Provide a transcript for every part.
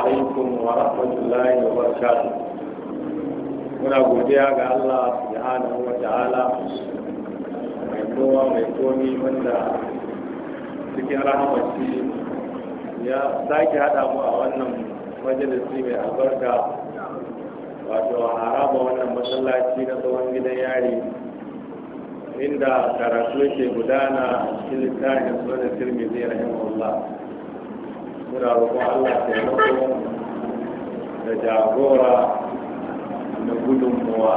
alaikum wa rahmatullahi wa barakatuh muna godiya ga Allah subhanahu wa ta'ala mai kowa mai komi wanda cikin rahamaci ya sake haɗa mu a wannan majalisi mai albarka wato a haraba wannan masallaci na tsawon gidan yari inda karatu ke gudana a cikin littafin sunan tirmidhi rahimahullah muna roƙon Allah taimako da jagora da gudunmuwa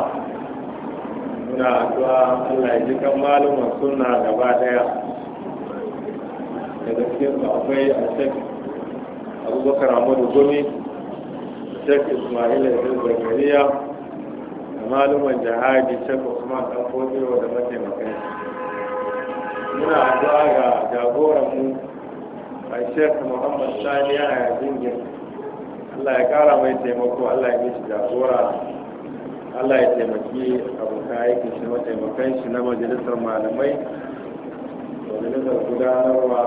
muna addu'a Allah ya ji kan malumar suna gaba daya daga cikin akwai a shek abubakar amadu gumi shek ismail ibn zakariya da malumar jihadi shek usman dan fodiyo da mataimakai muna addu'a ga jagoranmu. mu mai shek muhammad sani ya haya zingin allah ya kara mai taimako allah ya mishi jagora allah ya taimaki abokan aikin shi mataimakan shi na majalisar malamai majalisar gudanarwa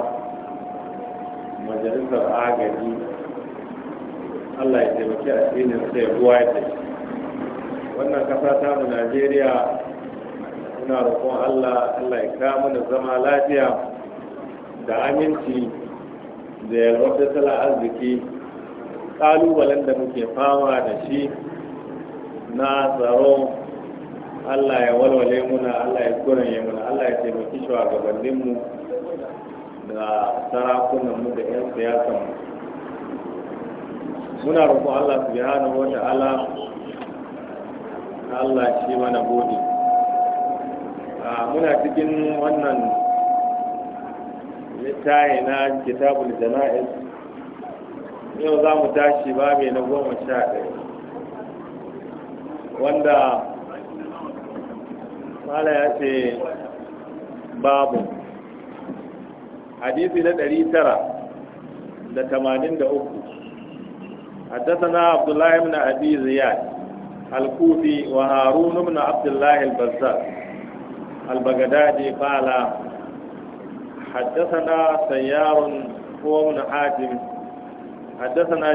majalisar agaji allah ya taimaki a tsinin sai ruwa ya wannan kasa ta mu najeriya muna roƙon allah allah ya kawo da zama lafiya da aminci da wata tattalin arziki ƙalubalen da muke fama da shi na tsaro allah ya walwale muna allah ya ya muna allah ya taimaki shugabanninmu da sarakunanmu da 'yan siyasar muna roƙon allah su na wata ala allah shi mana gode ah, muna cikin wannan littaye na kitabul jana'iz yau za mu tashi babi na goma sha ɗaya wanda mala ya ce babu hadisi na ɗari tara da tamanin da uku حدثنا عبد الله بن أبي زياد الكوفي وهارون بن عبد الله البزار البغدادي قال حدثنا سيار هو من حاتم حدثنا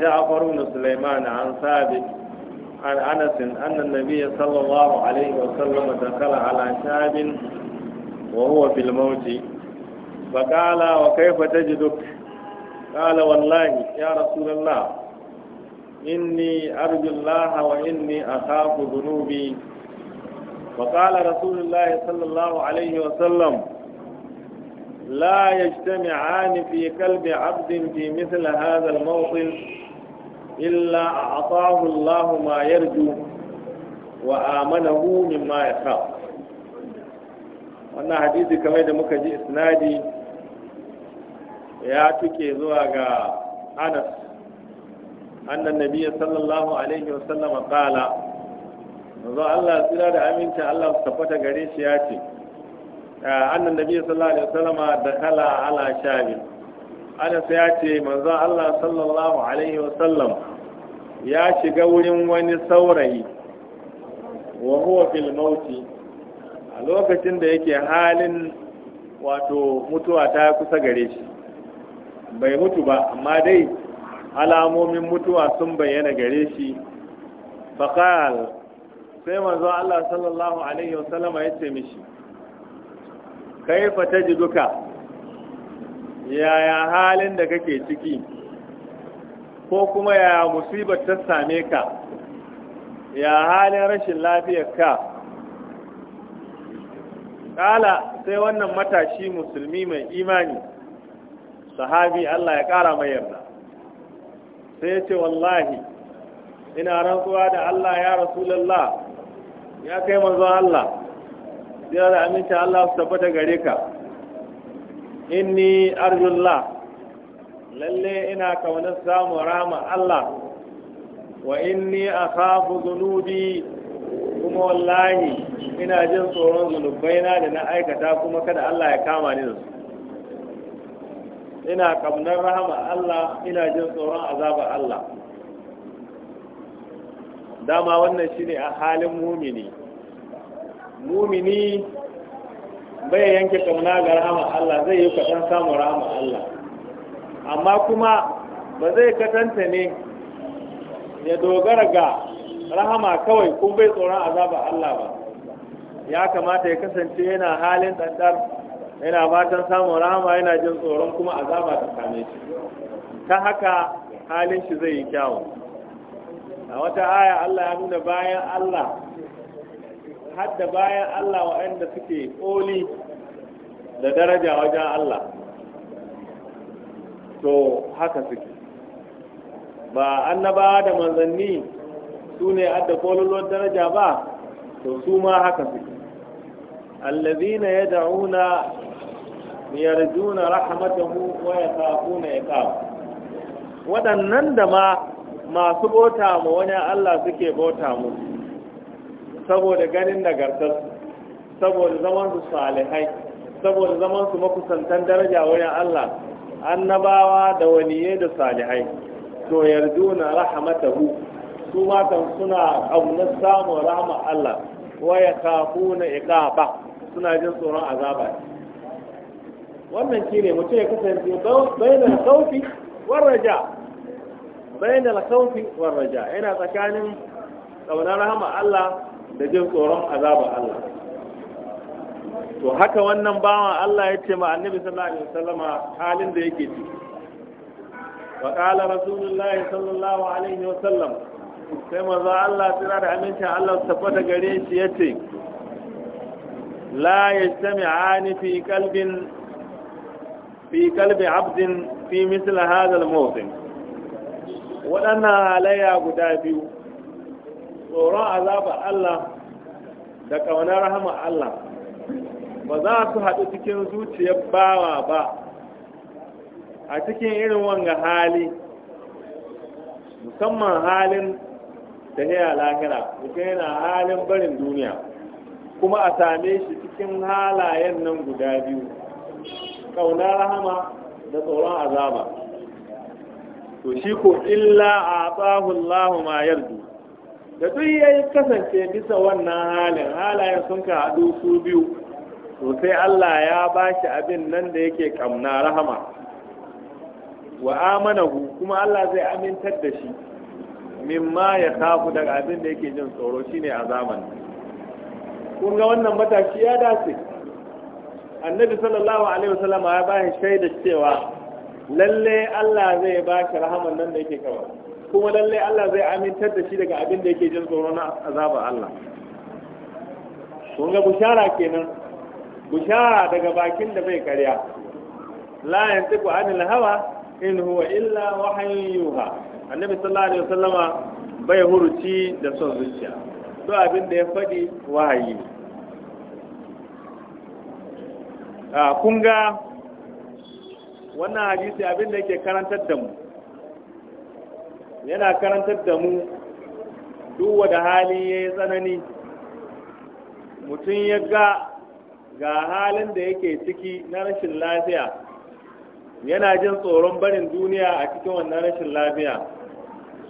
جعفر بن سليمان عن ثابت عن أنس أن النبي صلى الله عليه وسلم دخل على شاب وهو في الموت فقال وكيف تجدك قال والله يا رسول الله إني أرجو الله وإني أخاف ذنوبي وقال رسول الله صلى الله عليه وسلم لا يجتمعان في قلب عبد في مثل هذا الموطن إلا أعطاه الله ما يرجو وآمنه مما يخاف wannan hadisi kamar da muka ji isnadi ya tuke zuwa ga anas annan nabiya sallallahu alaihi wasallama kala manzo Allah tsira da aminta Allah su tabbata gare shi ya ce annan da biyu sallallahu alaihi wasallam kala ala shabi anas ya ce manzo Allah sallallahu alaihi wasallam ya shiga wurin wani saurayi wa huwa fil mauti a lokacin da yake halin wato mutuwa ta kusa gare shi bai mutu ba amma dai alamomin mutuwa sun bayyana gare shi faqal sai manzo Allah sallallahu alaihi wasallam ya ce mishi ji duka. yaya halin da kake ciki ko kuma yaya musibar ta same ka ya halin rashin lafiyar ka Ƙala, sai wannan matashi musulmi mai imani sahabi Allah ya kara mai yarda sai ya ce wallahi ina rantsuwa da Allah ya rasulallah ya kai manzo Allah jira da aminci Allah su tabbata gare ka inni arjullah lalle ina kaunar samun rama Allah wa inni kafu zunubi kuma wallahi ina jin tsoron zunubaina da na aikata kuma kada Allah ya kama ni da su ina kaunar rahama Allah ina jin tsoron azabar Allah dama wannan shi ne a halin mumini mumini bai yanke kauna ga rahama Allah zai yi kaɗan samun rahama Allah amma kuma ba zai katanta ne ya dogara ga rahama kawai kun bai tsoron azaba Allah ba ya kamata ya kasance yana halin ɗanɗar yana fatan samun rahama yana jin tsoron kuma azaba ta same shi ta haka halin shi zai yi kyawu a wata aya Allah ya nuna bayan Allah har da bayan Allah waɗanda suke ƙoli da daraja wajen Allah to haka suke ba annaba da manzanni su ne adda kololuwar daraja ba to su ma haka suke allazina yad'una yarjuna rahmatahu wa yakhafuna iqab waɗannan da ma masu bota ma wani Allah suke bota mu. saboda ganin nagartarsu saboda zaman su salihai saboda zaman su makusantan daraja wurin Allah annabawa da Waniye da salihai to na rahmatahu su matan suna aunar samun rahama Allah waya kafuna iqaba suna jin tsoron azaba wannan ne mutum ya kasance bainal khawfi war raja bainal khawfi warra ja. yana tsakanin kaunar rahama Allah da jin tsoron azaba Allah to haka wannan bawan Allah ya ce ma annabi sallallahu alaihi wasallama halin da yake ciki wa qala rasulullahi sallallahu alaihi wasallam sai manzo Allah tsira da amincin Allah su tabbata gare shi yace la yajtami'ani fi qalbin fi qalbi 'abdin fi misl hadha al-mawqif waɗannan halayya guda biyu tsoron azabar Allah da ƙaunar rahama Allah ba za su haɗu cikin zuciyar bawa ba a cikin irin wanga hali musamman halin da ya lahira cikin yana halin barin duniya kuma a same shi cikin halayen nan guda biyu ƙaunar rahama da tsoron azaba to shi ko illa a tsahun lahu ma yardu da duk ya kasance bisa wannan halin halayen sun ka haɗu su biyu to sai Allah ya ba shi abin nan da yake kamna rahama wa amanahu kuma Allah zai amintar da shi mimma ya kafu daga abin da yake jin tsoro shine a zamani kun ga wannan matashi ya dace annabi sallallahu alaihi wasallama ya ba shi shaida cewa lalle Allah zai ba shi rahaman nan da yake kawai kuma lalle Allah zai amintar da shi daga abin da yake jin tsoron na azaba Allah kun ga bushara kenan bushara daga bakin da bai karya la yantiqu anil hawa in huwa illa wahyun annabi sallallahu alaihi wasallama bai huruci da son zuciya to abin da ya faɗi wahayi a ah, kunga. wannan hadisi abin da yake karantar da mu yana karantar da mu duk wada hali ya yi tsanani mutum ya ga ga halin da yake ciki na rashin lafiya yana jin tsoron barin duniya a cikin wannan rashin lafiya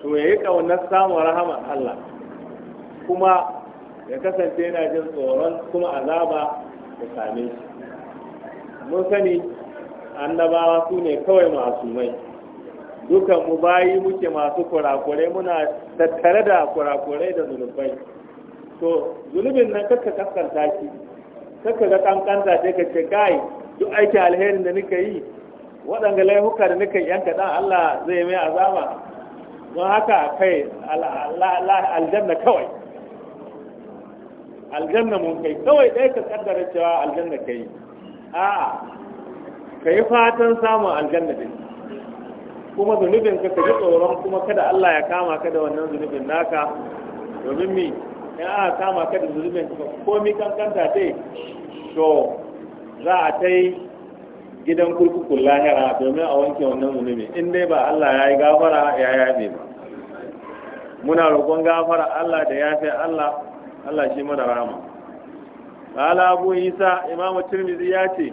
so ya yi ƙaunar samun rahama Allah kuma ya kasance yana jin tsoron kuma azaba da same shi mun sani annabawa su ne kawai mai dukan mu bayi muke masu kurakurai muna tattare da kurakurai da zunubai to zunubin nan kakka kaskanta shi kakka ga kankanta sai ka ce kai duk aiki alherin da nika yi waɗanda laifuka da nika yan kaɗan Allah zai mai azama don haka kai aljanna kawai aljanna mun kai kawai ɗaya ka kaddara cewa aljanna kai a'a ka yi fatan samun aljanna din kuma zunubin ka ka ji tsoron kuma kada Allah ya kama ka da wannan zunubin naka domin mi ya a kama ka da zunubin ka komi kankanta dai to za a ta yi gidan kurkukun lahira domin a wanke wannan zunubin, in dai ba Allah ya yi gafara ya yabe ba muna roƙon gafara Allah da ya fi Allah Allah shi mana rama Ba abu isa imamu tirmidhi ya ce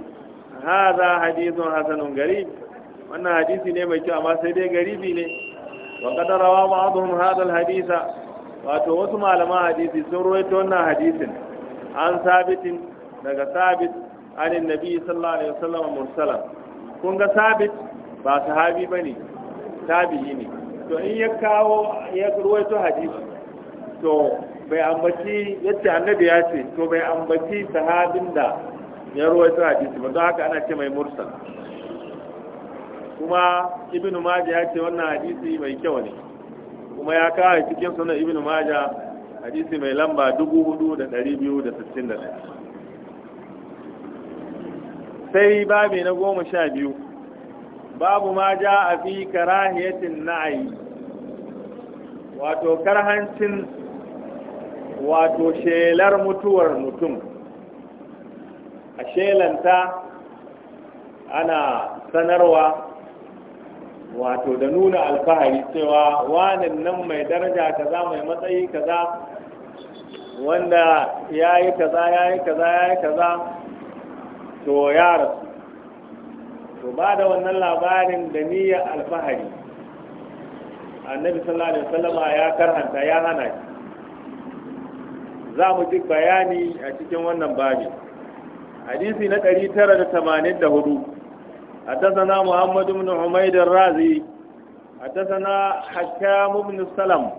هذا حديث حسن غريب wannan hadisi ne mai kyau amma sai dai garibi ne wa qad rawa ba'dhum hadha wato wasu malaman hadisi sun rawaito wannan hadisin an sabitin daga sabit anin nabi sallallahu alaihi wasallam mursalan kun ga sabit ba sahabi bane tabi'i ne to in ya kawo bai ambaci yace annabi ya ce to bai ambaci sahabin da ya sun hadisi ba don haka ana ce mai mursal kuma ibn majah ya ce wannan hadisi mai kyau ne kuma ya kawo cikin sunan ibn majah hadisi mai lamba 4261 sai babi na goma sha biyu babu ma ja a fi karahiyatin na'ayi wato karhancin wato shelar mutuwar mutum a shelanta ana sanarwa wato da nuna alfahari cewa wanin nan mai daraja kaza mai matsayi kaza wanda ya yi kaza ya yi kaza ya yi kaza to ya rasu to ba da wannan labarin da niyyar alfahari annabi sallallahu alaihi wasallama ya karhanta ya hana shi za mu ji bayani a cikin wannan babin hadisi na 984 حدثنا محمد بن حميد الرازي حدثنا حكام بن السلم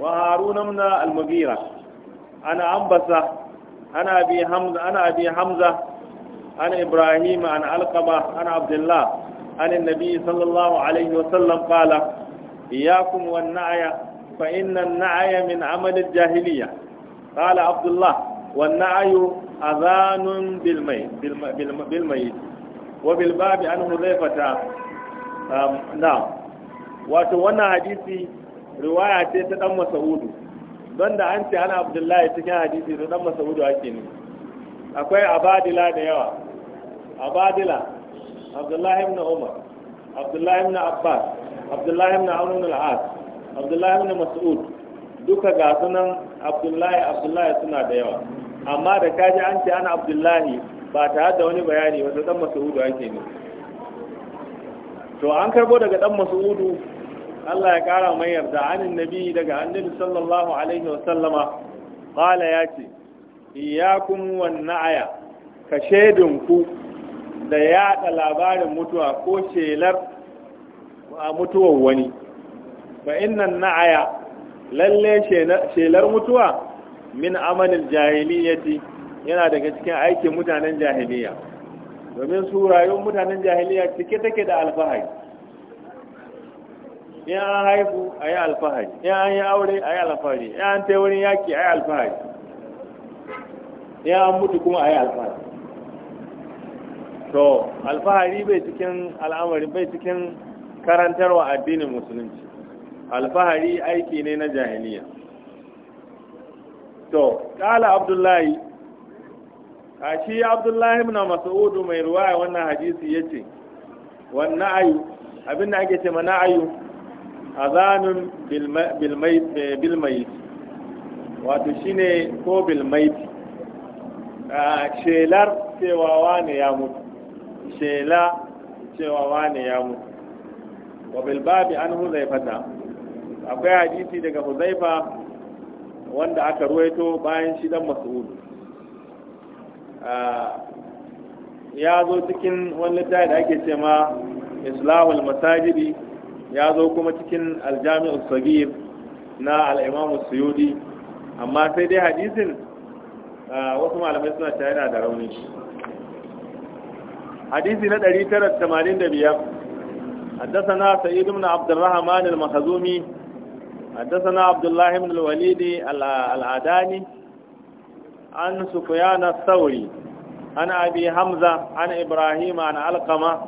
وهارون بن المغيرة أنا أنبسة أنا أبي حمزة أنا أبي حمزة أنا إبراهيم أنا علقمة أنا عبد الله أنا النبي صلى الله عليه وسلم قال إياكم والنعي فإن النعي من عمل الجاهلية قال عبد الله والنعي azanun bilmai wa bilbabi an huzaifata na wato wannan hadisi riwaya ce ta dan masaudu don da an ce ana abdullahi cikin hadisi da dan masaudu ake ne akwai abadila da yawa abadila abdullahi ibn umar abdullahi ibn abbas abdullahi ibn amr mas'ud duka gasunan sunan abdullahi abdullahi suna da yawa amma da kaji an ce ana abdullahi ba tare da wani bayani wato dan masu'udu ake ne to an karbo daga dan mas'udu Allah ya kara mai yarda anin nabi daga annabi sallallahu alaihi wa sallama qala yace iyyakum wan na'aya ka ku da yaɗa labarin mutuwa ko shelar a mutuwar wani fa innan na'aya lalle shelar mutuwa min amalin jahiliyati yana daga cikin aikin mutanen jahiliya domin su rayuwar mutanen jahiliya cike take da alfahari in an haifu a yi alfahari in an yi aure a yi alfahari in an ta wurin yaki a yi alfahari in an mutu kuma a yi alfahari to alfahari bai cikin al'amari bai cikin karantarwa addinin musulunci alfahari aiki ne na jahiliya to kala abdullahi a shi abdullahi masu mas'ud mai ruwaya wannan hadisi ya ce. wannan ayu abin da ake ce mana ayu azanun bil mayt bil mayt wato shine ko bilmai A shelar cewa wane ya mutu shela cewa wane ya mutu wa bilbabi an huzaifata akwai hadisi daga huzaifa wanda aka ruwaito bayan shi dan mas'ud ya zo cikin wani littafi da ake ce ma islahul masajidi ya zo kuma cikin aljami'u sagir na al'imamu suyudi amma sai dai hadisin wasu malamai suna yana da rauni hadisi na 985 حدثنا سيد بن عبد الرحمن المخزومي حدثنا عبد الله بن الوليد العداني عن سفيان الثوري عن أبي حمزة عن إبراهيم عن علقمة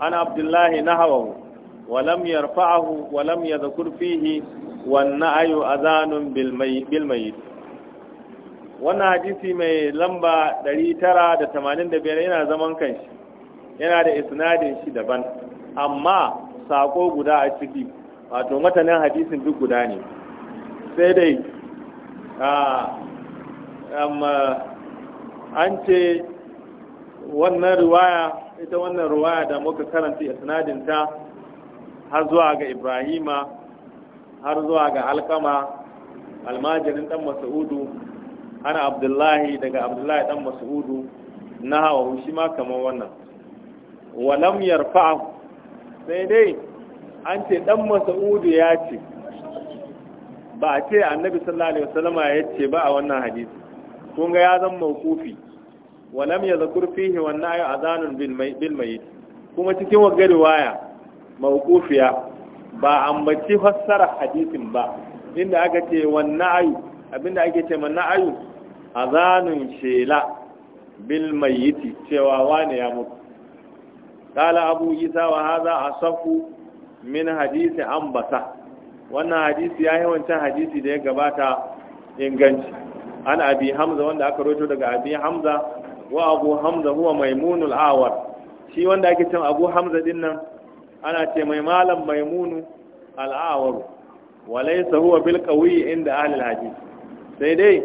عن عبد الله نحوه ولم يرفعه ولم يذكر فيه والنعي أذان بالميت wannan hadisi mai lamba 985 yana zaman kanshi yana da isnadin shi daban amma sako guda a ciki wato matanin hadisin duk guda ne sai dai an ce wannan riwaya ita wannan riwaya da muka karanta isnadinta har zuwa ga ibrahima har zuwa ga alkama almajirin dan mas'udu ana abdullahi daga abdullahi dan mas'udu na hawa shi ma kamar wannan walam yarfa sai dai an ce dan mas'udu ya ce ba a ce annabi sallallahu alaihi wasallama ya ce ba a wannan hadisi kun ga ya zan mawqufi wa lam yadhkur fihi wa na'i adanun bil mayyit kuma cikin wa riwaya mawqufiya ba an bace fassara hadisin ba inda aka ce wa na'i abinda ake ce man na'i azanun shela bil mayyit cewa wane ya mutu قال أبو إيسى وهذا أصف min hadisi an wannan hadisi ya yi wancan hadisi da ya gabata inganci an abi hamza wanda aka roto daga abi hamza wa abu hamza huwa maimunul awar shi wanda ake cin abu hamza din nan ana ce mai malam maimunu al'awaru walaisa huwa bil inda ahli hadisi sai dai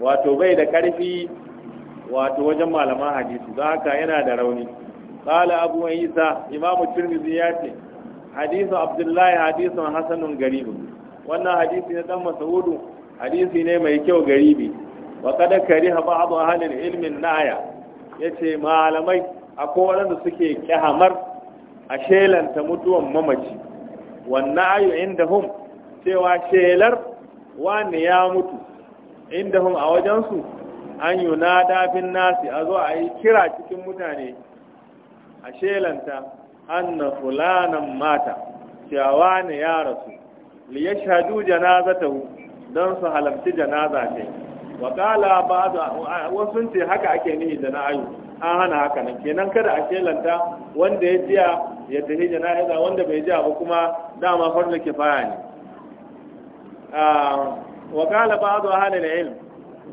wato bai da karfi wato wajen malaman hadisi don haka yana da rauni qala abu isa imamu tirmidhi ya ce hadisu abdullahi hadisu hasanun garibi wannan hadisi na dan masaudu hadisi ne mai kyau garibi wa kada kariha ba'du ahalin ilmin naya ce malamai akwai wanda suke kyahamar a shelanta mutuwan mamaci wannan ayu inda indahum cewa shelar wani ya mutu Inda indahum a wajensu an na dafin nasi a zo a yi kira cikin mutane a shelanta anna fulanan mata cewa ne ya rasu li yashhadu janazatahu dan su halamci janaza ce wa qala ba'd sun ce haka ake nihi da na'ayu an hana haka nan kenan kada a kelanta wanda ya jiya ya tafi janaza wanda bai jiya ba kuma dama ke kifaya ne ah, wa qala ba'd da ilm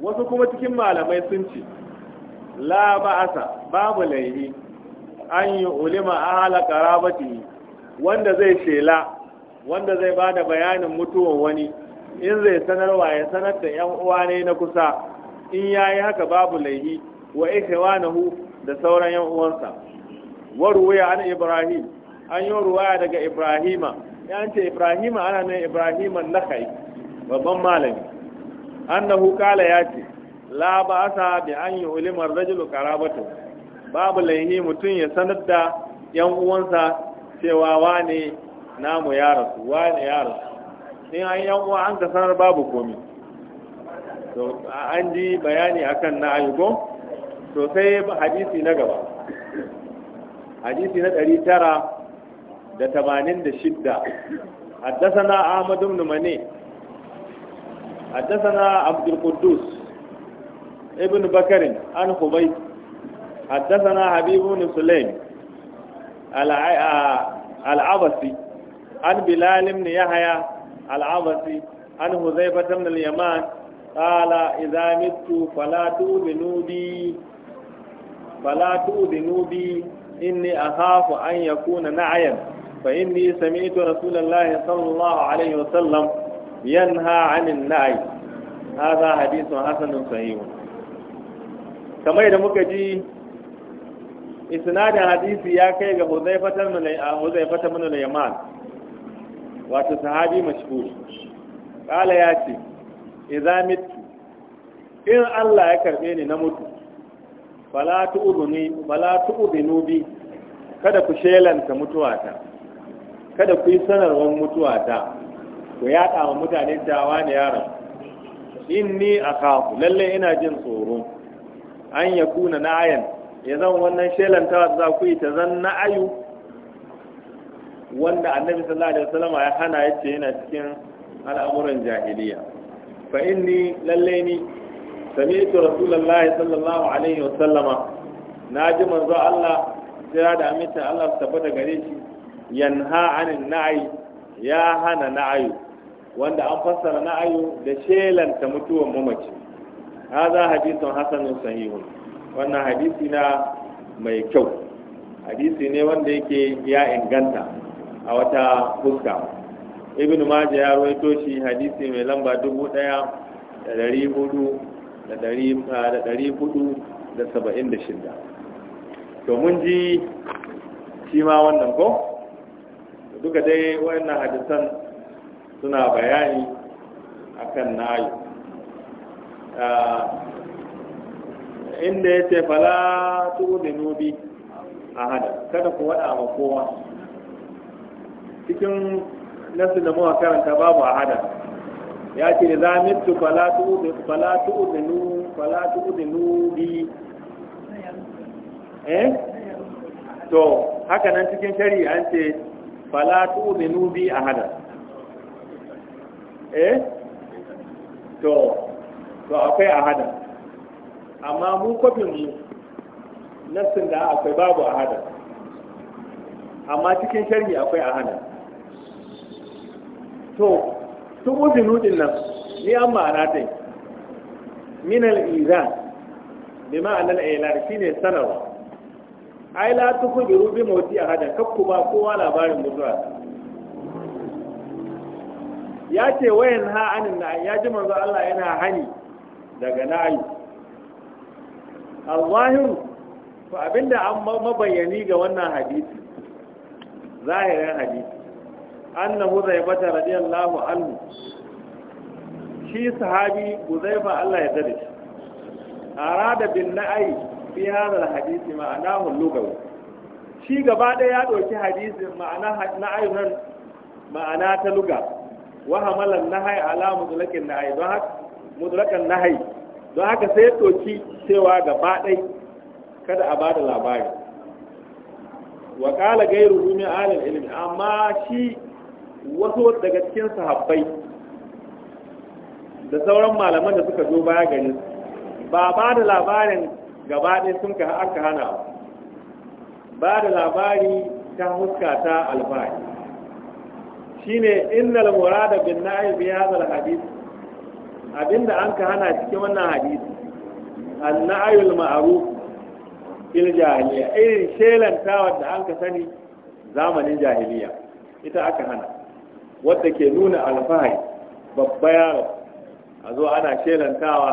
wasu kuma cikin malamai sun ce la ba'asa babu laihi an yi ulima a ahala karabati wanda zai shela wanda zai ba da bayanin mutuwan wani in zai sanarwa ya sanar da yan uwa ne na kusa in ya yi haka babu laihi wa na hu da sauran yan uwansa wa ruwaya an ibrahim an yi ruwaya daga ibrahima an ce ibrahima ana nan na kai babban malami annahu kala ya ce la ba sa bi an yi ulimar rajulu karabatu babu laihi mutum ya sanar da yan uwansa cewa wane namu ya rasu wane ya rasu in an yan uwa an ka sanar babu komi to an ji bayani akan na ayyuko to sai hadisi na gaba hadisi na 986 حدثنا ahmadu بن مني حدثنا abdul quddus Ibn بكر an خبيث حدثنا حبيب بن سليم العبسي عن بلال بن يحيى العبسي عن حذيفة بن اليمان قال إذا مت فلا تؤذنوا بي فلا تؤذنوا بي إني أخاف أن يكون نعيا فإني سمعت رسول الله صلى الله عليه وسلم ينهى عن النعي هذا حديث حسن صحيح كما إذا مكجي isnadin hadisi ya kai ga huzaifata min al-yaman wato sahabi mashhur kala ya ce idza mitu in Allah ya karbe ni na mutu Bala tu'u binubi. kada ku shelanta mutuwata kada ku yi sanarwar mutuwata ku yaɗa wa mutane dawa ne yaron a akhafu Lallai ina jin tsoro an yakuna na'ayan ya zan wannan ta za ku yi ta zan na ayu wanda annabi sallallahu alaihi wasallam ya hana yace yana cikin al'amuran jahiliya fa inni lalle ni sami'tu rasulullahi sallallahu alaihi wasallama ji manzo Allah jira da aminta Allah su tabbata gare shi yanha anin na'i ya hana na'ayu wanda an fassara na'ayu da shelanta mutuwan mamaci hadha hadithun hasanun sahihun wannan hadisi na mai kyau hadisi ne wanda yake ya inganta a wata fuska ibn maja ya rawaito shi hadisi mai lamba dubu ɗaya da dari hudu da dari hudu da saba'in da shida to mun ji shi ma wannan ko duka dai wannan hadisan suna bayani akan na inda ya ce fala tu'minu a hada, kada ku wada ma kowa cikin nasu da muka karanta babu hada, ya ce da zamitu fala tu'minu fala nu fala tu'minu bi eh to haka nan cikin tari an ce fala tu'minu a hada." eh to to akwai a ahada amma mu kwafin mu nassin da akwai babu a hada amma cikin shari'a akwai a hada to su uzinu din nan ni an ma'ana dai min al-izan bi ma'anar ailar shine sanarwa ai la tukhbiru bi a hada, kakku ba kowa labarin mutuwa ya ce wayan ha'anin na ya ji manzo Allah yana hani daga na'ayi al-zahiru to abinda an mabayani ga wannan hadisi zahirin hadisi annahu zaibata radiyallahu anhu shi sahabi uzaifa Allah ya dade shi arada bin na'i fi hadal hadisi ma'anahu lugawi shi gaba ɗaya ya ɗauki hadisi ma'ana na'ayi nan ma'ana ta luga wa hamalan nahai ala mudlakin nahai don haka mudlakan nahai don haka sai ya toki cewa gaba ɗai kada a bada labari wa ƙala gairu rumin alal ilimi amma shi wasu daga cikin sahabbai da sauran malaman da suka zo baya gari ba ba da labarin gaba ɗai sun ka aka hana ba da labari ta huska ta alfahari shine innal murada bin na'i ya hadha hadith abinda an ka hana cikin wannan hadisi annayul ma'ruf fil jahiliya irin shelantawa da an ka sani zamanin jahiliya ita aka hana wadda ke nuna alfahari babba yaro a zo ana shelantawa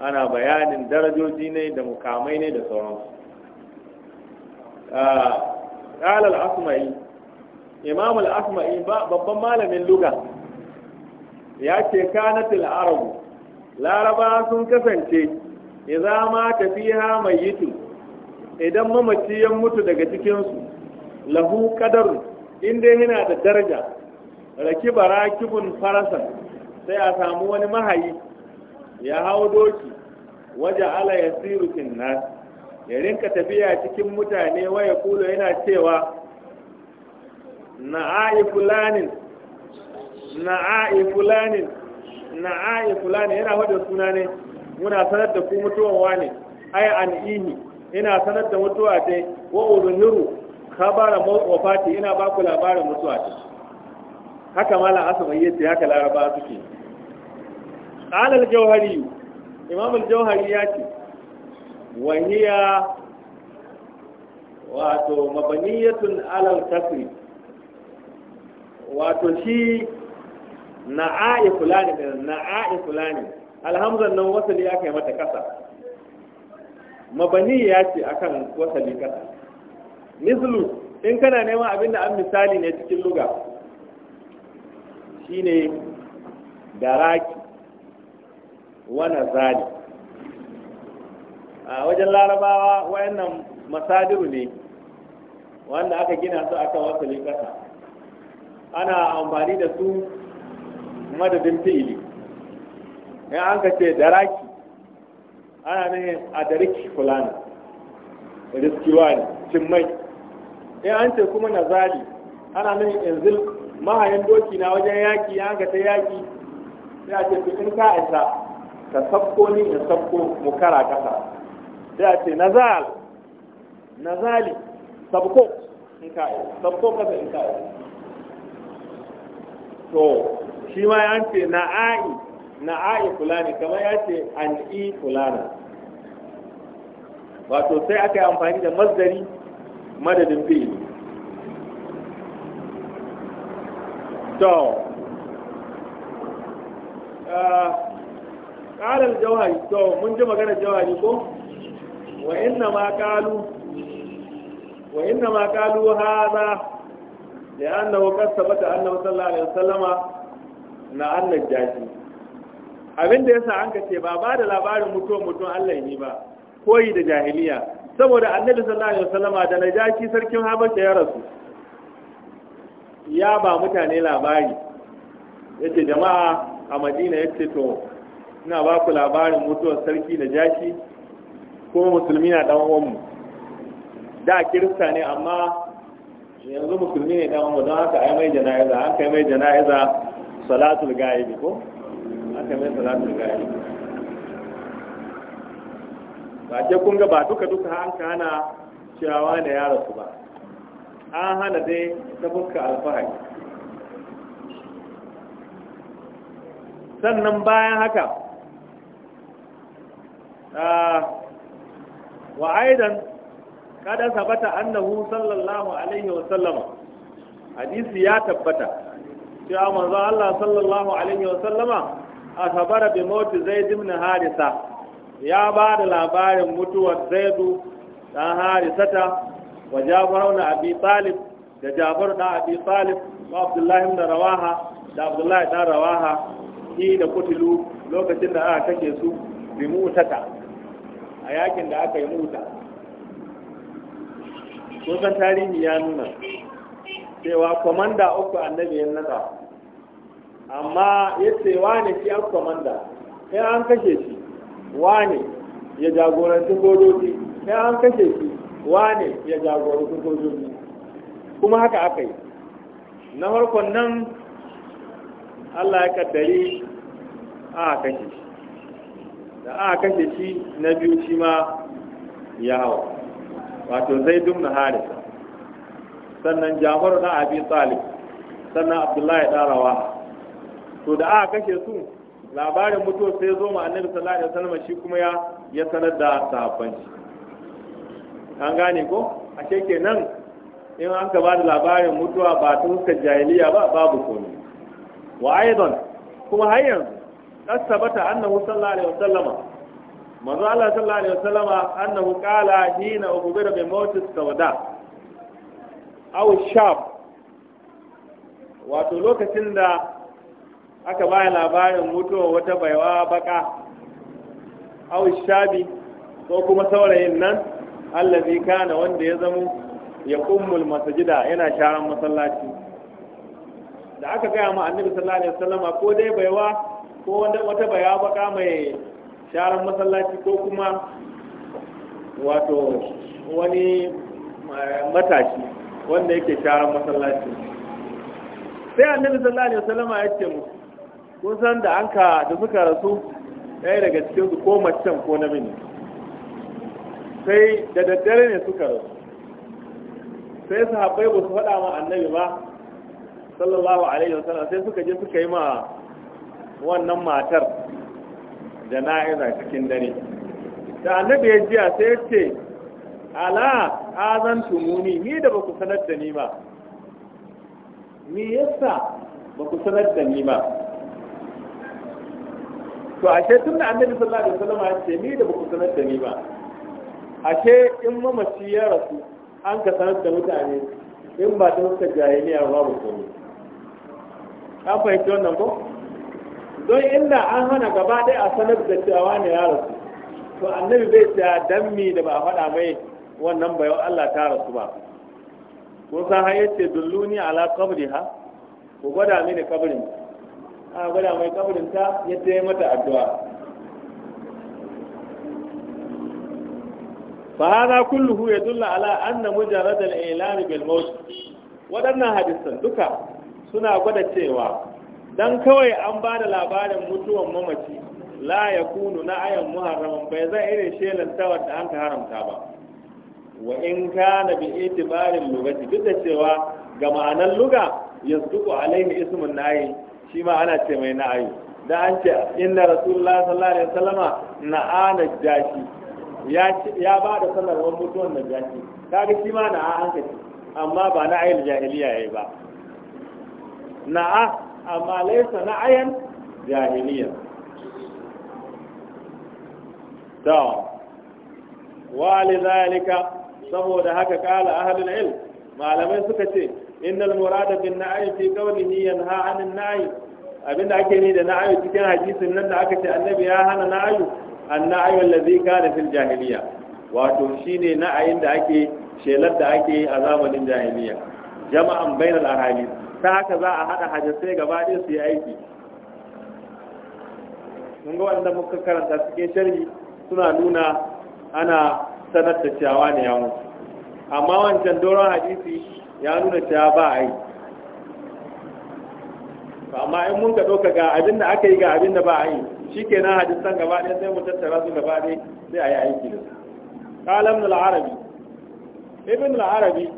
ana bayanin darajoji ne da mukamai ne da sauransu ƙalal asma'i imam al-asma'i babban malamin luga ya ce kanatil arabu laraba sun kasance idza ma tafiha mayyitu idan mamaci ya mutu daga cikinsu. su lahu kadaru. inda yana da daraja bara rakibun farasan sai a samu wani mahayi ya hau doki waje ala yasiru fil nas ya rinka tafiya cikin mutane waya kula yana cewa na'i fulanin na'a'i fulani na'a'i fulani yana wadda suna ne muna sanar da ku mutuwan wane ai an ihi ina sanar da mutuwa ce wa uzhiru khabara wafati ina ba ku labarin mutuwa ce haka mala asaba yace haka laraba suke qala al-jawhari imam al-jawhari yace wa hiya wato mabaniyatun alal kasri wato shi Na'a'i fulani na'a'i fulani alhamzan nan wasali ya kai mata kasa mabani ya ce akan wasali kasa mislu in kana neman abin da an misali ne cikin luga shine daraki wana zali a wajen larabawa wayannan masadiru ne wanda aka gina su akan wasali kasa ana amfani da su madadin fi'ili in an ka ce daraki ana nihin a dariki fulani riskiwa ne cimmai in an ce kuma nazali ana nihin yanzu mahayin doki na wajen yaki an ka ta yaki sai a ce in ka isa ka sabko ni in sabko mu kara kasa sai a ce nazal nazali sabko in ka isa sabko kasa in ka isa to shi ma ya ce na'a'i na'a'i fulani kamar ya ce an'i fulana wato sai aka yi amfani da mazdari madadin fi'ili to ƙarar jawari to mun ji maganar jawari ko wa inna ma kalu wa inna ma kalu hada da annahu kasabata annahu sallallahu alaihi wasallama na Allah jaji abin da yasa an ce ba ba da labarin mutuwan mutum Allah yi ba koyi da jahiliya saboda annabi sallallahu alaihi wasallama da najashi sarkin habasha ya rasu ya ba mutane labari yace jama'a a madina yace to ina ba ku labarin mutuwar sarki Jaki kuma musulmi na dan uwanmu da kirista ne amma yanzu musulmi ne dan uwanmu don haka ai mai jana'iza an kai mai jana'iza salatul gaibi ko aka mai salatul gaibi ba ke kun ga ba duka duka an ka hana ciyawa ne ya rasu ba an hana dai ta fuska alfahari sannan bayan haka wa aidan kada sabata annahu sallallahu alaihi wa sallama hadisi ya tabbata cewa manzo Allah sallallahu alaihi wa sallama a tabara bi mauti zaid ibn harisa ya ba da labarin mutuwar zaidu dan harisata wa jafar ibn abi talib da jafar da abi talib wa abdullah ibn rawaha da abdullah ibn rawaha shi da kutulu lokacin da aka kake su bi mutata a yakin da aka yi muta kun san tarihi ya nuna cewa kwamanda uku annabi ya nada amma ya ce wane shi an kwamanda sai an kashe shi wane ya jagoranci gojoji sai an kashe shi wane ya jagoranci gojoji kuma haka aka yi na farkon nan allah ya kaddari a kashe shi da a kashe shi na biyu shi ma ya hawa wato zai dumna harisa sannan jamar na abi talib sannan abdullahi ɗarawa. rawa to da aka kashe su labarin mutuwa sai zo ma annabi sallallahu alaihi wasallam shi kuma ya ya sanar da sahabban shi an gane ko ashe kenan in an ka bada labarin mutuwa ba ta huskar jahiliya ba babu komai wa aidan kuma har yanzu sabata annahu sallallahu alaihi wasallama manzo Allah sallallahu alaihi wasallama annahu qala hina ubira bi mautis sawda aw shab wato lokacin da aka ba labarin mutuwa wata baiwa baka aw shabi ko kuma saurayin nan allazi kana wanda ya zamo ya kummul masajida yana sharan masallaci da aka gaya ma annabi sallallahu alaihi wasallam ko dai baiwa ko wata baiwa baka mai sharan masallaci ko kuma wato wani eh, matashi wanda yake sharan masallaci sai annabi sallallahu alaihi wasallam ya ce mu kun san da anka da suka rasu ɗaya daga cikin su ko mace ko namiji sai da daddare ne suka rasu sai sahabbai ba su faɗa ma annabi ba sallallahu alaihi wasallam sai suka je suka yi ma wannan matar da na'iza cikin dare da annabi ya jiya sai ya ce ala azantumuni ni da baku sanar da ni ba me yasa baku sanar da ni ba to ashe tun da annabi sallallahu alaihi wasallam ya ce ni da baku sanar da ni ba ashe in mamaci ya rasu an ka sanar da mutane in ba ta huskar jahiliya ba babu komai ka fahimci wannan ko don inda an hana gaba ɗaya a sanar da cewa ne ya rasu to annabi bai ce dan mi da ba a faɗa mai wannan bayan Allah ta rasu ba ko san har yace dulluni ala qabriha ko gwada mini kabrin a gwada mai kabrin ta yace yi mata addu'a fa hada kulluhu yadullu ala anna mujarrad al-i'lan bil maut wadannan hadisan duka suna gwada cewa dan kawai an ba da labarin mutuwan mamaci la yakunu na ayan muharram bai zai irin shelantawa da an haramta ba wa in kana bi itibarin lugati duk da cewa ga ma'anar luga ko alaihi ismun nayi shi ma ana ce mai na'ayi da an ce inna rasulullahi sallallahu alaihi wasallama na'ana jashi ya ya ba da sanarwar mutuwar najashi kaga shi ma na'a an ce amma ba na'ayil jahiliya yayi ba na'a amma laysa na'ayan jahiliya to wa lidhalika saboda haka kala ahalin ilm malamai suka ce innal murada bin na'i fi qawlihi yanha 'anil na'i abinda ake ni da nai cikin hadisin nan da aka ce annabi ya hana na'i annabi allazi kana fil jahiliya wato shine na'ayin da ake shelar da ake a zamanin jahiliya jama'an bainal ahali ta haka za a hada hadisai gaba ɗaya su yi aiki mun ga wanda muka karanta cikin sharhi suna nuna ana sanar da cewa ne ya mutu amma wancan doron hadisi ya nuna cewa ba a yi amma in mun ka ɗauka ga abin da aka yi ga abin da ba a yi shi ke na hadisan gaba ɗaya sai mu tattara su gaba ɗaya sai a yi aiki da su kalam na la'arabi ibn la'arabi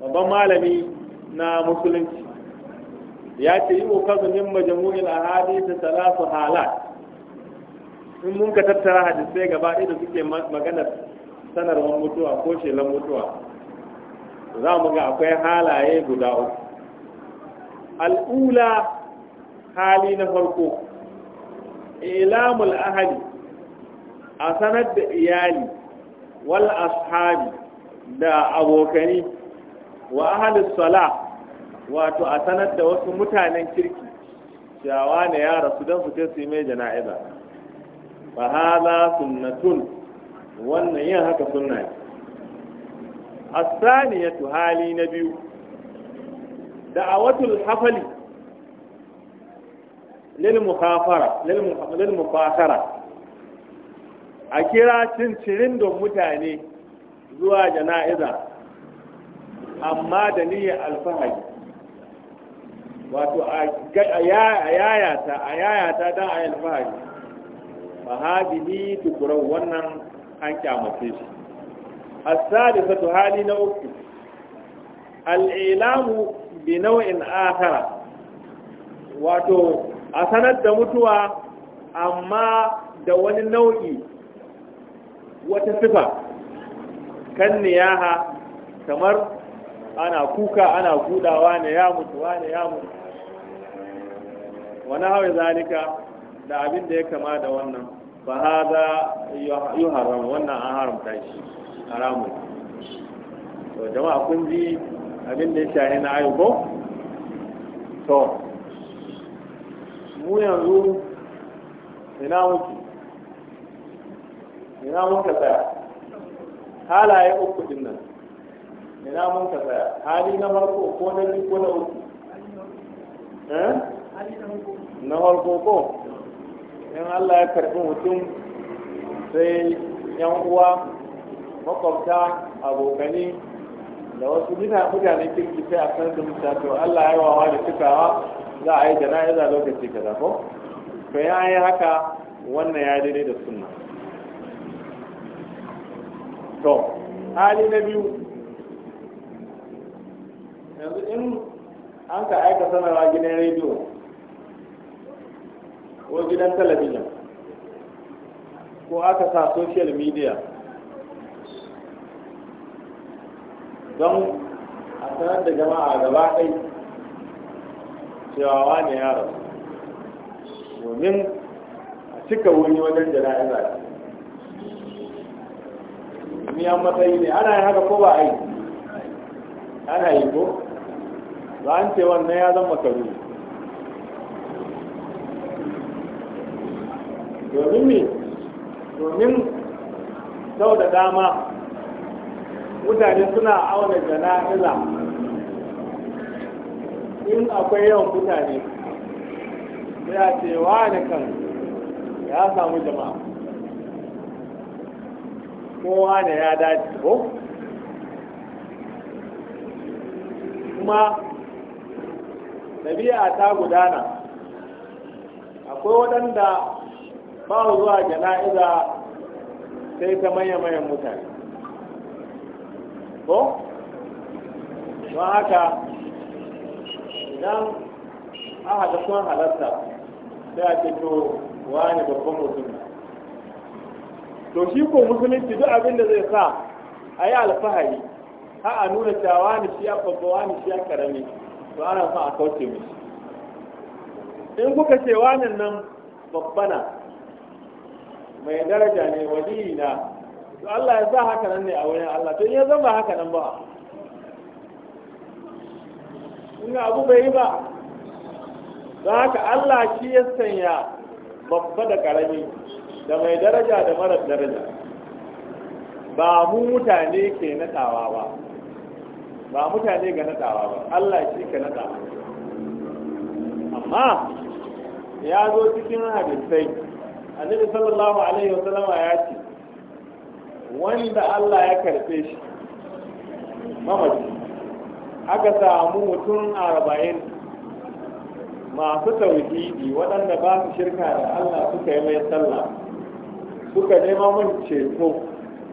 babban malami na musulunci ya ce yi ƙoƙarin yin majamu'in ahadi hadisi salasu halat in mun ka tattara hadisai gaba ɗaya da suke maganar sanarwar mutuwa ko shelar mutuwa za mu ga akwai halaye guda uku al'ula hali na farko ilamul ahali a sanar da iyali wal ashabi da abokani wa ahalis sala wato a sanar da wasu mutanen kirki shawa ne ya rasu don su ce su yi mai jana'iza فهذا hadha sunnatun wannan yin haka sunna ne as-saniyatu hali na biyu da'awatul lil a kira cincirin don mutane zuwa jana'iza amma da niyyar alfahari wato a yayata a yayata don a yi alfahari mahadihi tukurau wannan an kyamace shi as-sadisatu hali na uku al'ilamu bi nau'in ahara. wato a sanar da mutuwa amma da wani nau'i wata sifa kan niyaha kamar ana kuka ana kudawa ne ya mutu ne ya mutu wani hawa zalika da abin da ya kama da wannan ba za yi haram wannan an haramta shi haramun to jama'a kun ji abin da ya shahi na ayu ko to mu yanzu ina muke ina muka tsaya halaye uku din nan ina muka tsaya hali na farko ko na biyu ko na uku eh? na farko ko in allah ya karbi mutum sai yan uwa makwabta abokani da wasu gina mutane kirki sai a san da to allah ya wawa da cikawa za a yi jana'iza lokaci kaza ko to ya yi haka wannan ya dare da sunna to hali na biyu yanzu in an ka aika sanarwa gidan rediyo ko gidan talabijin ko aka sa social media don a sanar da jama'a gaba ɗai cewa wa ya rasu domin a cika wuni wajen jana'iza ni an matsayi ne ana yi haka ko ba a yi ana yi ko ba an ce wannan ya zama karu domin ne domin sau da dama mutane suna auna jana'iza in akwai yawan mutane sai a ce wa ne kan ya samu jama'a kowa ne ya dace ko kuma tabi'a ta gudana akwai waɗanda ba mu zuwa jana'iza sai ta manya mayan mutane ko? don haka idan aka ga sun halarta sai a ce to wani babban mutum to shi ko musulunci duk abin da zai sa a yi alfahari ha a nuna cewa wani shi ya babba wani shi ya karami to ana sa a kauce mishi in kuka ce wani nan babbana mai daraja ne waliyi na to Allah ya sa haka nan ne a wurin Allah to ya zama haka nan ba ina abu bai yi ba za haka Allah shi ya sanya babba da karami da mai daraja da marar daraja ba mu mutane ke natawa ba ba mutane ga natawa ba Allah shi na natawa amma ya zo cikin hadisai annabi sallallahu alaihi wa sallam ya ce wanda Allah ya karfe shi mamaci aka samu mutum arba'in masu tauhidi waɗanda ba su shirka da Allah suka yi mai sallah suka nema mun ceto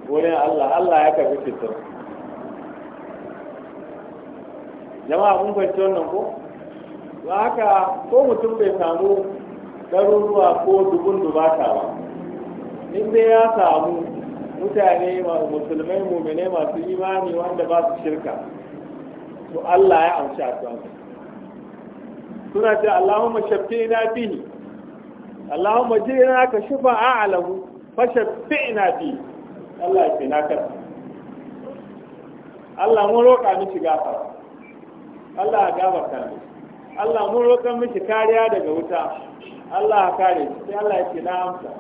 wurin Allah Allah ya karfe ceto jama'a mun fahimci wannan ko ba haka ko mutum bai samu ɗaruruwa ko dubun dubata ba in dai ya samu mutane musulmai mumine masu imani wanda ba su shirka to Allah ya amshi addu'a suna ce Allahumma shaffina fihi Allahumma jina ka shufa al'amu fa na fihi Allah ya na kar Allah mun roƙa miki gafara Allah ya gafarta miki Allah mun roƙa miki kariya daga wuta Allah kare shi sai Allah ya ce na amsa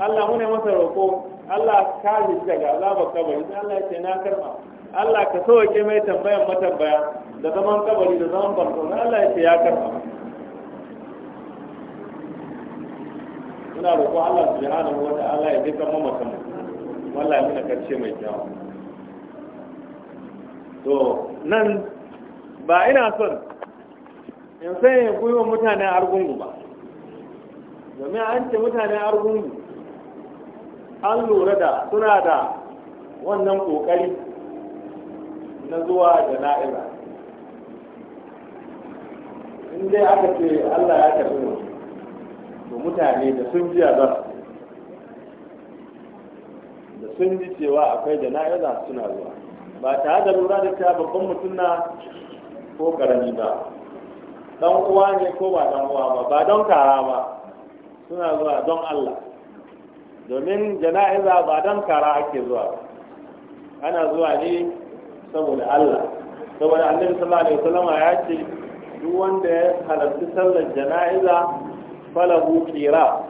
Allah mune masa roƙo Allah kare shi daga azaba kabari sai Allah ya ce na karba Allah ka sauke mai tambayan matambaya da zaman kabari da zaman barko sai Allah ya ce ya karba muna roƙo Allah subhanahu wa ta'ala ya duka mu mutum wallahi muna karshe mai kyau to nan ba ina son in sanya wa mutanen argungu ba domin an ce mutanen argungu an lura da suna da wannan ƙoƙari na zuwa jana'iza in dai aka ce allah ya karɓi mu to mutane da sun ji a da sun ji cewa akwai jana'iza suna zuwa ba tare da lura da cewa babban mutum na ko ƙarami ba dan uwa ne ko ba dan uwa ba ba don kara ba suna zuwa don Allah domin jana'iza ba don kara ake zuwa ana zuwa ne saboda Allah saboda annabi sallallahu alaihi wasallam ya ce duk wanda ya halarci sallar jana'iza falahu qira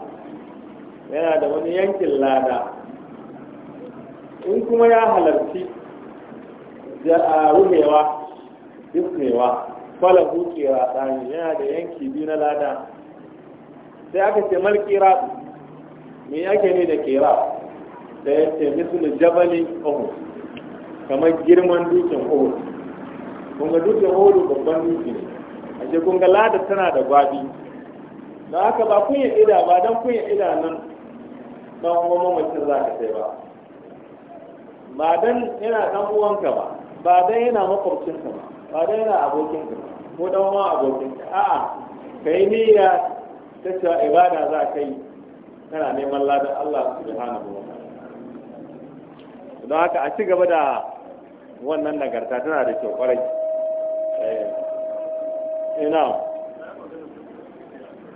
yana da wani yankin lada in kuma ya halarci da ruhewa isnewa falahu qira yana da yanki biyu na lada sai aka ce mal kira me yake ne da kira da ya ce misalin jabalin ohu kamar girman dukin ohu kun ga dukin ohun babban duki ne a ce kun ga lada tana da gwabi da aka ba kun yi ida ba don kun yi ida nan don kuma mamacin za ka sai ba ba don yana dan uwanka ba ba don yana makwabcinka ba ba don yana abokinka ko dan uwan abokinka a'a kai niyya ta ibada za ka yi kana neman ladan Allah subhanahu wa ta'ala don haka a ci gaba da wannan nagarta tana da kyau kwarai eh, ina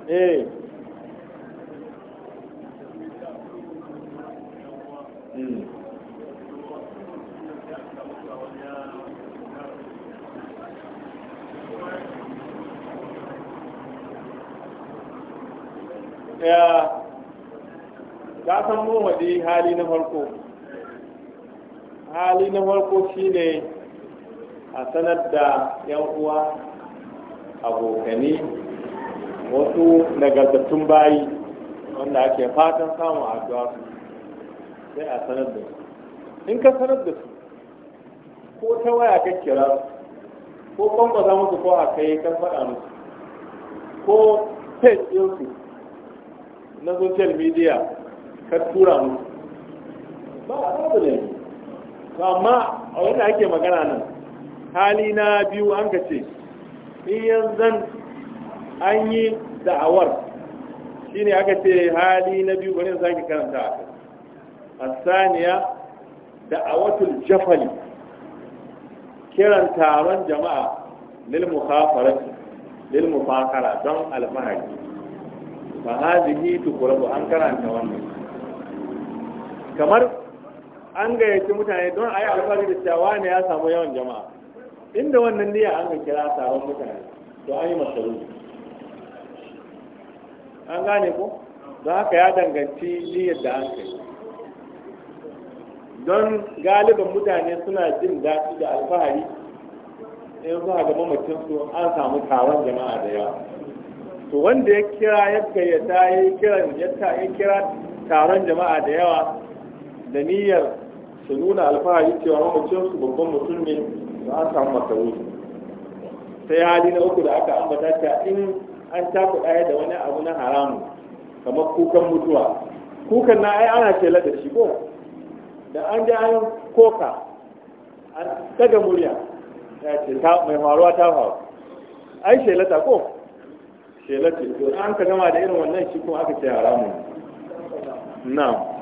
eh mm san mu waɗi hali na farko hali na farko shine a sanar da yan uwa abokani wasu nagartattun bayi wanda ake fatan samun addu'a su sai a sanar da su in ka sanar da su ko ta waya ka kira ko kwamfasa musu ko a kai kan faɗa musu ko page ɗinsu na social media ka tura musu ba babu ne to amma a wanda ake magana nan hali na biyu an ka ce in yanzu an yi da'awar ne aka ce hali na biyu za ki karanta aka asaniya da'awatul jafali kiran taron jama'a lil mukhafarati don alfahari fa hadhihi tuqrabu an karanta wannan kamar an gayyaci mutane don a yi alfahari da cewa ne ya samu yawan jama'a inda wannan niyya an ga kira taron mutane to an yi masaru an gane ko don haka ya danganci niyyar da an kai don galiban mutane suna jin daɗi da alfahari in zuwa ga mamacinsu an samu taron jama'a da yawa to wanda ya kira ya gayyata ya kira taron jama'a da yawa da niyyar su nuna alfahari cewa su babban mutum ne da an samu wuce sai hali na uku da aka ambata ta in an taku ɗaya da wani abu na haramu kamar kukan mutuwa kukan na ai ana ce da shi ko da an ji an koka an daga murya ya ce mai faruwa ta faru ai shelata ta ko shelata ko an ka gama da irin wannan shi kuma aka ce haramu na'am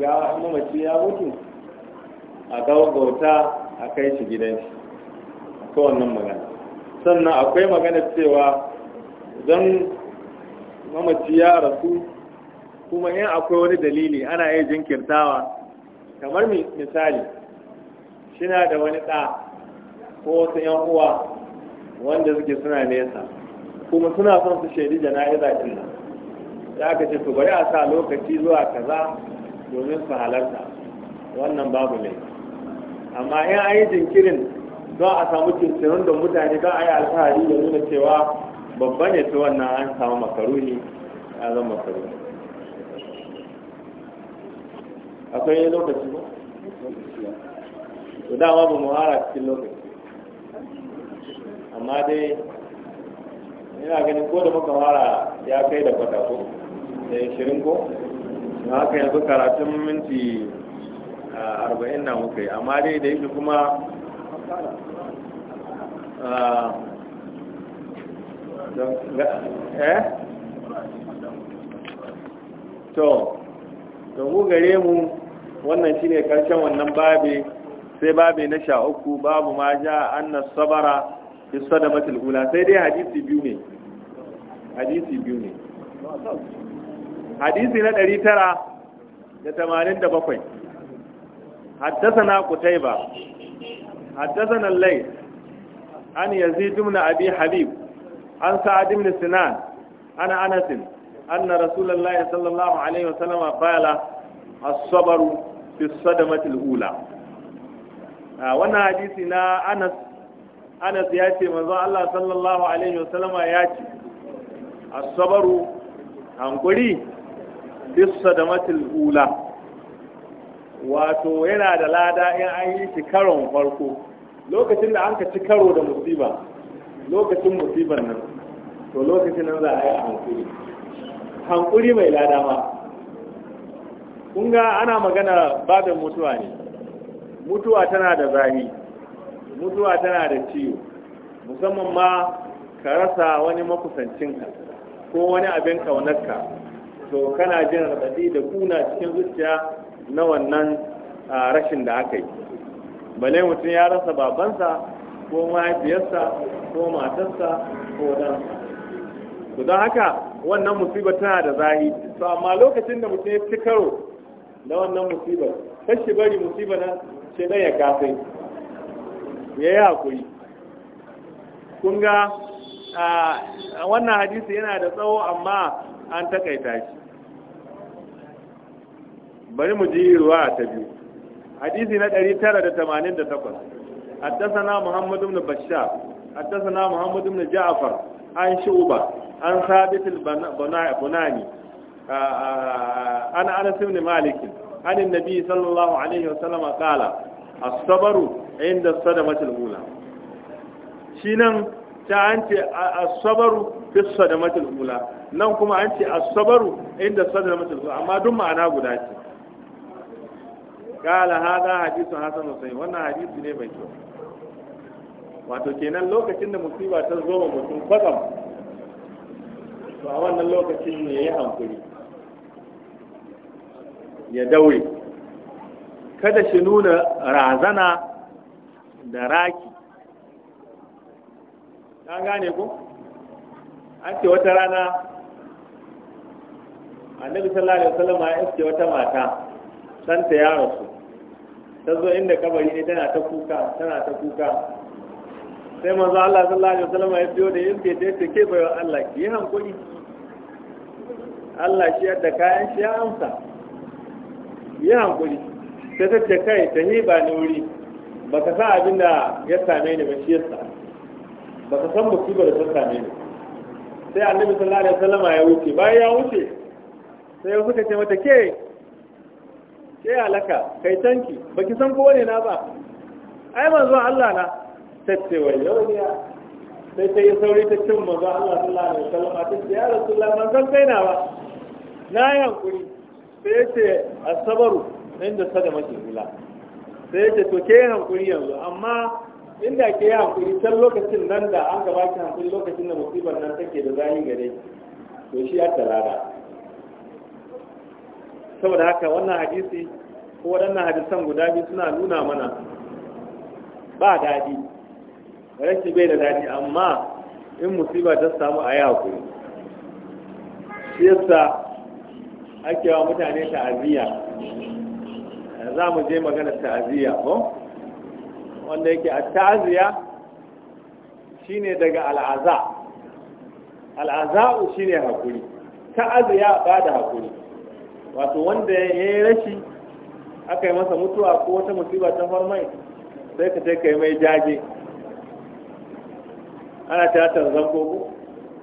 ya mamaci ya mutu a gaugauta a kai shi gidan shi ko wannan magana sannan akwai magana cewa don mamaci ya rasu kuma in akwai wani dalili ana iya jinkirtawa kamar misali shina da wani ɗa ko wasu yan uwa wanda suke suna nesa kuma suna son su shaidi jana'iza ɗin nan ya ka ce su bari a sa lokaci zuwa kaza domin su halarta wannan babu ne amma in a yi jinkirin don a samu cincirin da mutane don a yi alfahari da nuna cewa babba ne su wannan an samu makaruni a zan makaruni akwai yi lokaci ba su dama ba mu hara cikin lokaci amma dai ina ganin ko da muka hara ya kai da kwata ko da shirin ko da haka yanzu karatun minti arba'in na muka yi amma dai da yake kuma eh to mu gare mu wannan shine karshen wannan babi sai babi na sha uku babu ma ja anna sabara fi sadamatul ula sai dai hadisi biyu ne hadisi biyu ne hadisi na ɗari tara da tamanin da bakwai haddasana kutaiba haddasana lai an yazid ibn abi habib an sa'ad ibn sinan ana anasin anna rasulullahi sallallahu alaihi wasallam qala as-sabru fi as-sadamati al-ula wannan hadisi na anas anas ya ce manzon Allah sallallahu alaihi wasallama ya ce hankuri bisa da matil hula wato yana da lada in an yi shi karon farko lokacin da an ka ci karo da musiba lokacin musibar nan to lokacin nan za a yi hankuri hankuri mai lada ma kun ga ana magana babin mutuwa ne mutuwa tana da zahi mutuwa tana da ciwo musamman ma ka rasa wani makusancinka ko wani abin kaunarka to kana jin raɗaɗi da kuna cikin zuciya na wannan rashin da aka yi bale mutum ya rasa babansa ko mahaifiyarsa ko matarsa ko dan to don haka wannan musiba tana da zahi to amma lokacin da mutum ya ci karo da wannan musibar shi bari musibar nan ce ɗaya ya ya yi haƙuri kun ga wannan hadisi yana da tsawo amma an takaita shi bari mu ji ruwa a ta biyu hadisi na 988 addasana muhammad ibn bashar addasana muhammad ibn ja'far an shuba an sabit al-bunani ana anas ibn malik an sallallahu alaihi wa sallam qala as-sabru inda sadamat al-ula shinan ta an ce a sabaru fi sadamatul ula nan kuma an ce a sabaru inda sadamatul ula amma duk ma'ana guda ce kala hadha hadisun hasan sahih wannan hadisi ne mai kyau wato kenan lokacin da musiba ta zo wa mutum kwatsam to a wannan lokacin ne yayi hankuri ya daure kada shi nuna razana da raki Ka gane ku an ce wata rana annabi sallallahu alaihi wasallam ya iske wata mata santa ya rasu ta zo inda kabari ne tana ta kuka tana ta kuka sai manzo Allah sallallahu alaihi wasallam ya biyo da yake da ce ke bayo Allah ki yi hankuri Allah shi yadda kayan shi ya amsa yi hankuri ta ce kai ta ba ni wuri baka sa abin da ya same ni ba shi yasa ba ka san musibar da ta same ni sai annabi sallallahu alaihi wasallama ya wuce bayan ya wuce sai suka ce mata ke ke alaka kai tanki baki san ko ne na ba ai manzo Allah na tace wai yau ne sai ta yi sauri ta cin manzo Allah sallallahu alaihi wasallama ta ce ya rasulullah man san kai na ba na yi sai ce asabaru inda sada mace hula sai ce to ke hankuri yanzu amma inda ke yi hankuri can lokacin nan da an gaba ki hankuri lokacin da musibar nan take da zahi gare to shi ya talada saboda haka wannan hadisi ko waɗannan hadisan guda biyu suna nuna mana ba daɗi rashin bai da daɗi amma in musiba ta samu a yi hakuri shi yasa ake wa mutane ta'aziyya za mu je magana ta'aziyya ko wanda yake a ta'aziya shine daga al'aza al'aza'u shine hakuri ta'aziya ba da hakuri wato wanda ya yi rashi aka yi masa mutuwa ko wata musiba ta farmai sai ka ka yi mai jaje ana ta tarzan ko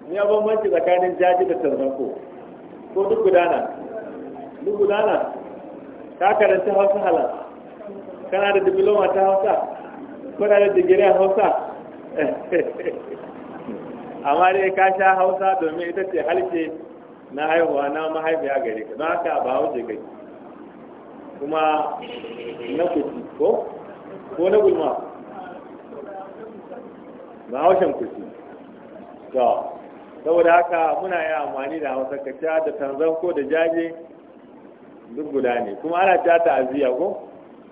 ni a bambanci tsakanin jaje da tarzan ko ko duk gudana duk gudana ta karanta hausa halar kana da diploma ta hausa kuna da a hausa amma dai ka sha hausa domin ita ce halke na haihuwa na mahaifiya gare ka don haka ba wuce gari. kuma na kuci ko ko na gulma ba haushen kuci to saboda haka muna yi amfani da hausa ka sha da tanzan ko da jaje duk guda ne kuma ana ta ta'aziyya ko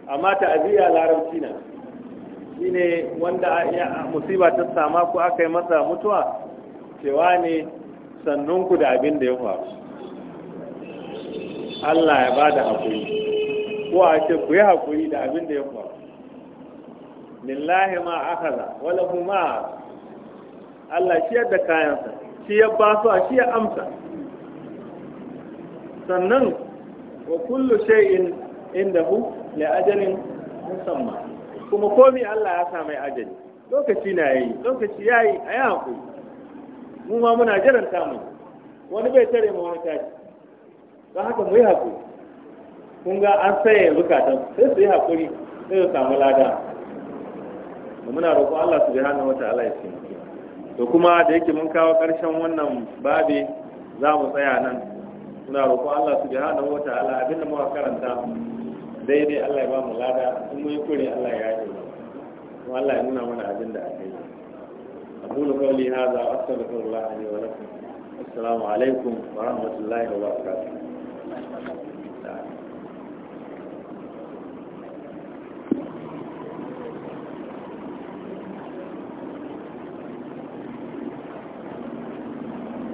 amma ta'aziyya larabci na ne wanda musiba ta sama ko aka yi masa mutuwa cewa ne sannunku da abin da ya faru Allah ya ba da haƙuri ko a ce ku yi haƙuri da abin da ya faru lillahi ma Akala wala kuma Allah shi yadda kayansa shi ya ba su a shi ya amsa sannan wa kullu shay'in indahu li ajalin musamman kuma komi Allah ya sa mai ajali lokaci na yayi lokaci yayi a yi haƙuri mu ma muna jiran samun wani bai tare mu wani tashi don haka mu yi haƙuri kun ga an saye zukatan sai su yi haƙuri sai su samu lada da muna roƙo Allah su jihana wata Allah ya ce to kuma da yake mun kawo ƙarshen wannan babi za mu tsaya nan muna roƙo Allah su jihana wata Allah abinda muka karanta daidai Allah ya ba mu lada in mun yi kure Allah ya yi kuma Allah ya nuna mana abin da aka yi أقول قولي هذا وأستغفر الله لي ولكم السلام عليكم ورحمة الله وبركاته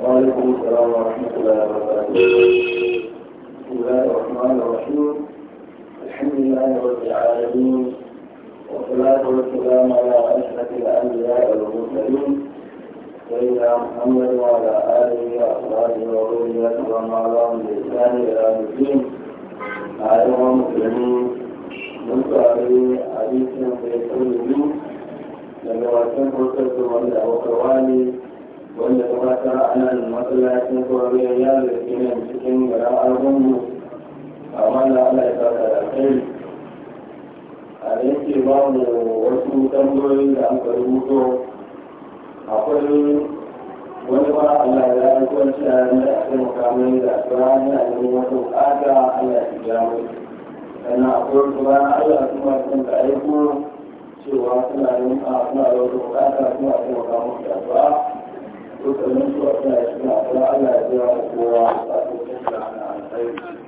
وعليكم السلام ورحمة الله وبركاته